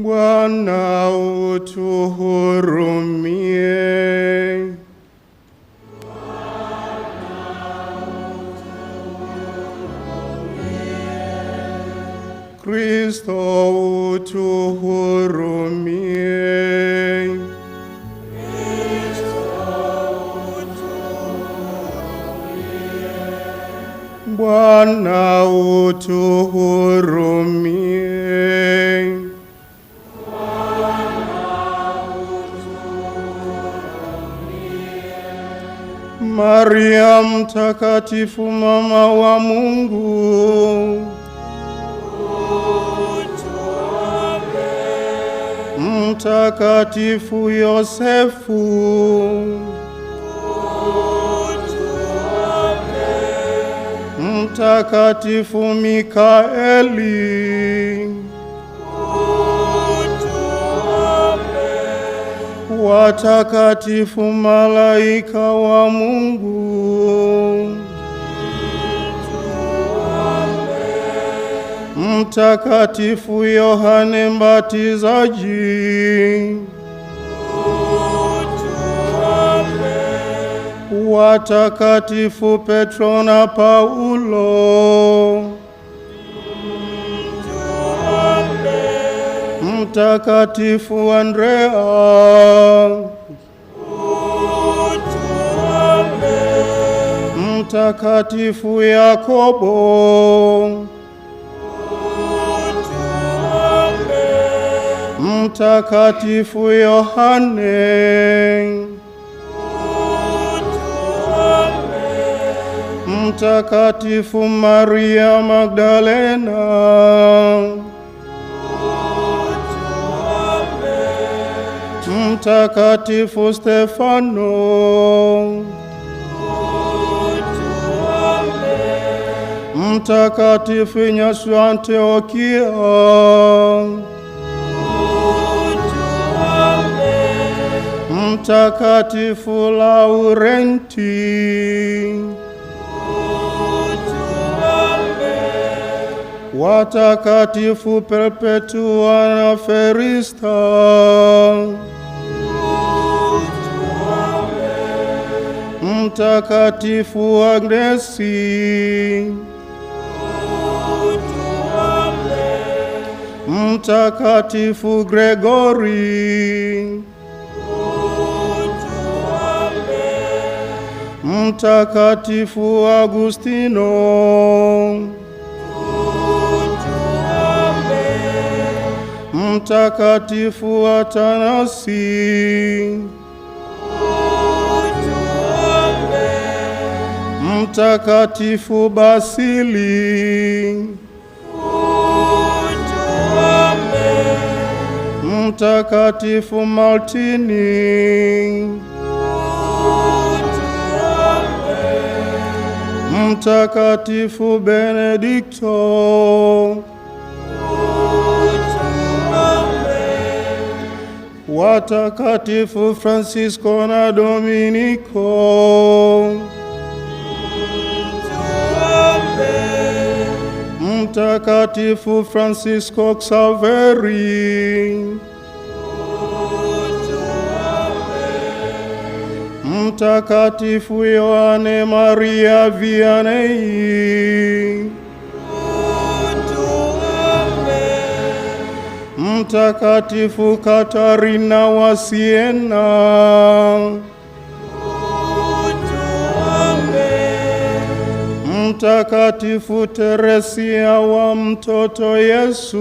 Bwana utuhurumie. Kristo utuhurumie. Bwana utuhurumie. Maria mtakatifu mama wa Mungu, mtakatifu Yosefu, mtakatifu Mikaeli watakatifu malaika wa Mungu, Mtakatifu Yohane Mbatizaji, watakatifu Petro na Paulo Mtakatifu Andrea, Mtakatifu Yakobo, Mtakatifu Yohane, Mtakatifu Maria Magdalena Mtakatifu Stefano. Mtakatifu Ignasi wa Antiokia. Mtakatifu Laurenti. Watakatifu Perpetua na Ferista. Mtakatifu wa Mtakatifu Gregori, Mtakatifu Agustino, Mtakatifu Atanasi. Mtakatifu Atanasi Mtakatifu Basili, utuombee. Mtakatifu Martini, utuombee. Mtakatifu Benedikto, watakatifu Francisco na Dominiko Mtakatifu Francisco Xaveri, Mtakatifu Yohane Maria Vianney, Mtakatifu Katarina wa Siena Mtakatifu Teresia wa mtoto Yesu.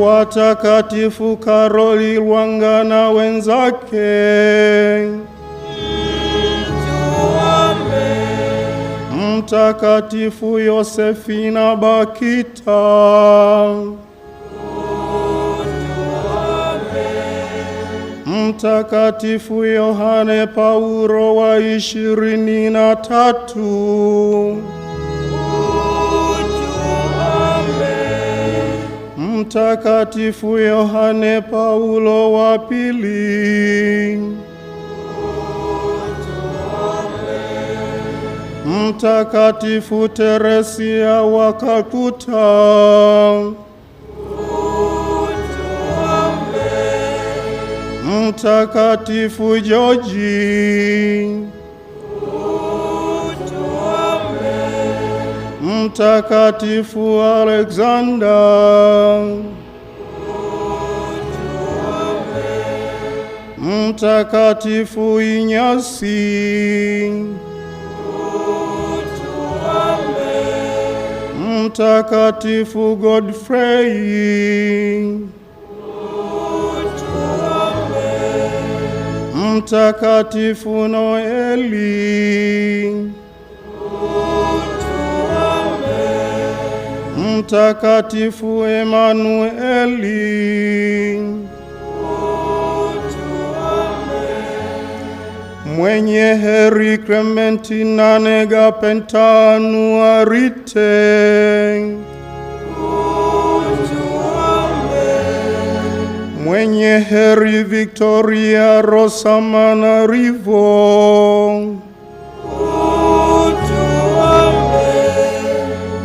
Watakatifu Karoli Lwanga na wenzake. Mtakatifu Yosefina Bakita. Mtakatifu Yohane Paulo wa ishirini na tatu. Mtakatifu Yohane Paulo wa pili. Mtakatifu Teresia wa Kalkuta. Mtakatifu Joji, Mtakatifu Alexander, utuombee. Mtakatifu Inyasi, Mtakatifu Godfrey Mtakatifu Noeli, Mtakatifu Emanueli, mwenye heri Clementina Negapentanu pentanuarite Mwenye heri Victoria Rosamana Manarivo.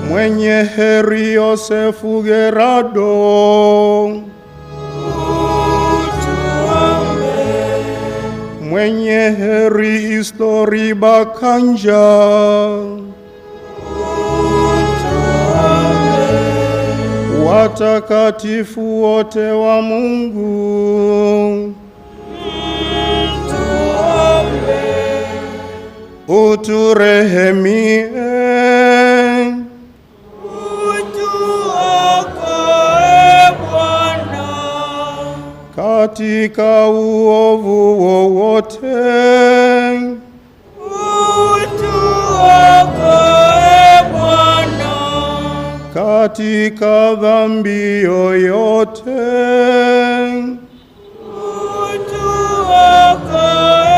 mwenye heri Yosefu Gerardo, mwenye heri Istori Bakanja watakatifu wote wa Mungu uturehemie, utuokoe e Bwana katika uovu wowote katika dhambi yoyote, e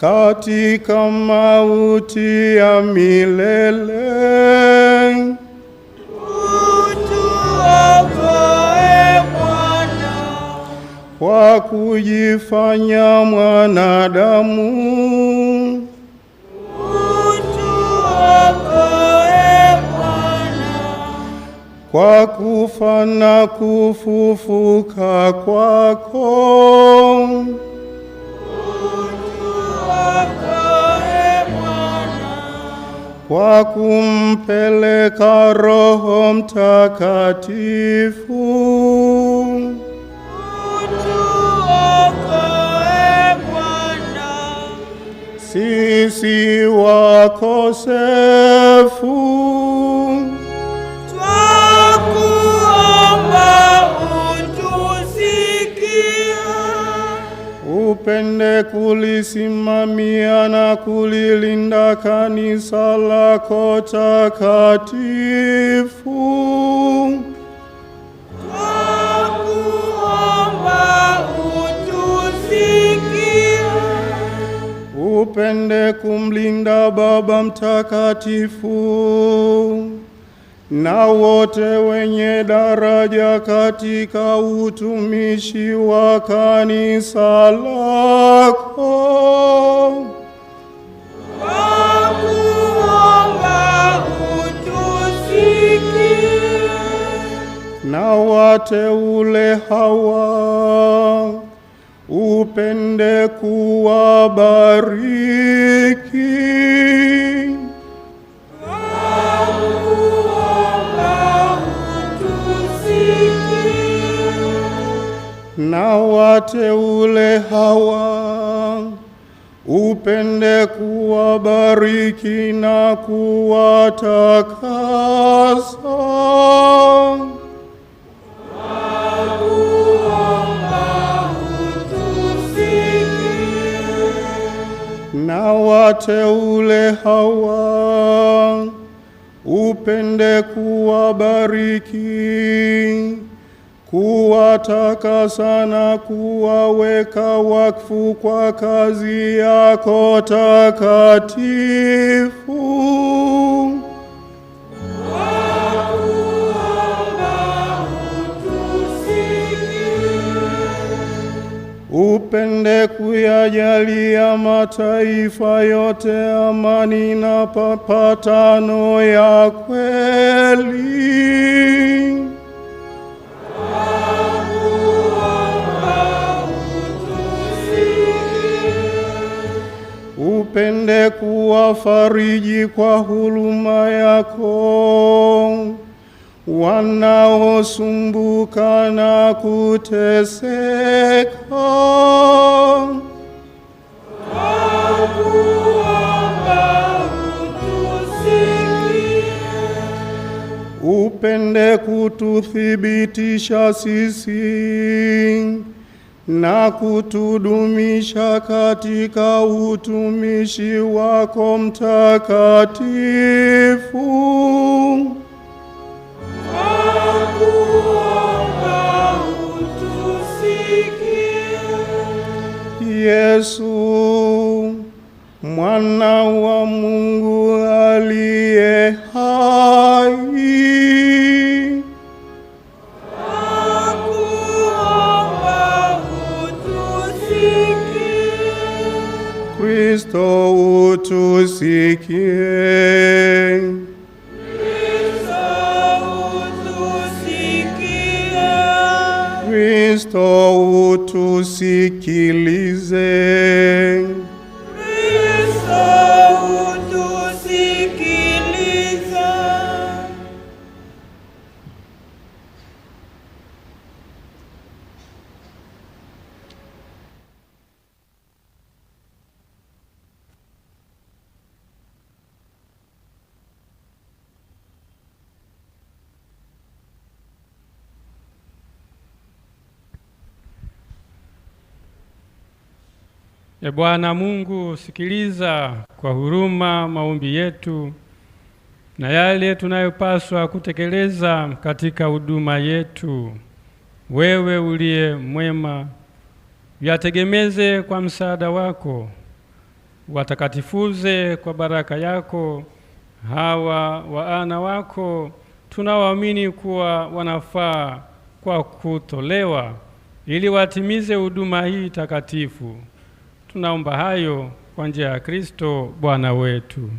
katika mauti ya milele, utuokoe Bwana kwa kujifanya mwanadamu kwa kufa na kufufuka kwako. Kwa kumpeleka Roho Mtakatifu sisi wakose lako takatifu upende kumlinda Baba Mtakatifu na wote wenye daraja katika utumishi wa kanisa lako. wateule hawa upende kuwabariki. Na wateule hawa upende kuwabariki na kuwatakasa. na wateule hawa upende kuwabariki, kuwatakasa na kuwaweka wakfu kwa kazi yako takatifu. upende kuyajalia mataifa yote amani na papatano ya kweli. Upende kuwafariji kwa huruma yako wanaosumbuka na kuteseka, Upende kututhibitisha sisi na kutudumisha katika utumishi wako mtakatifu Yesu mwana wa Mungu. ressuscite que em E Bwana Mungu, sikiliza kwa huruma maombi yetu na yale tunayopaswa kutekeleza katika huduma yetu. Wewe uliye mwema, yategemeze kwa msaada wako, watakatifuze kwa baraka yako hawa waana wako tunawaamini kuwa wanafaa kwa kutolewa, ili watimize huduma hii takatifu tunaomba hayo kwa njia ya Kristo Bwana wetu.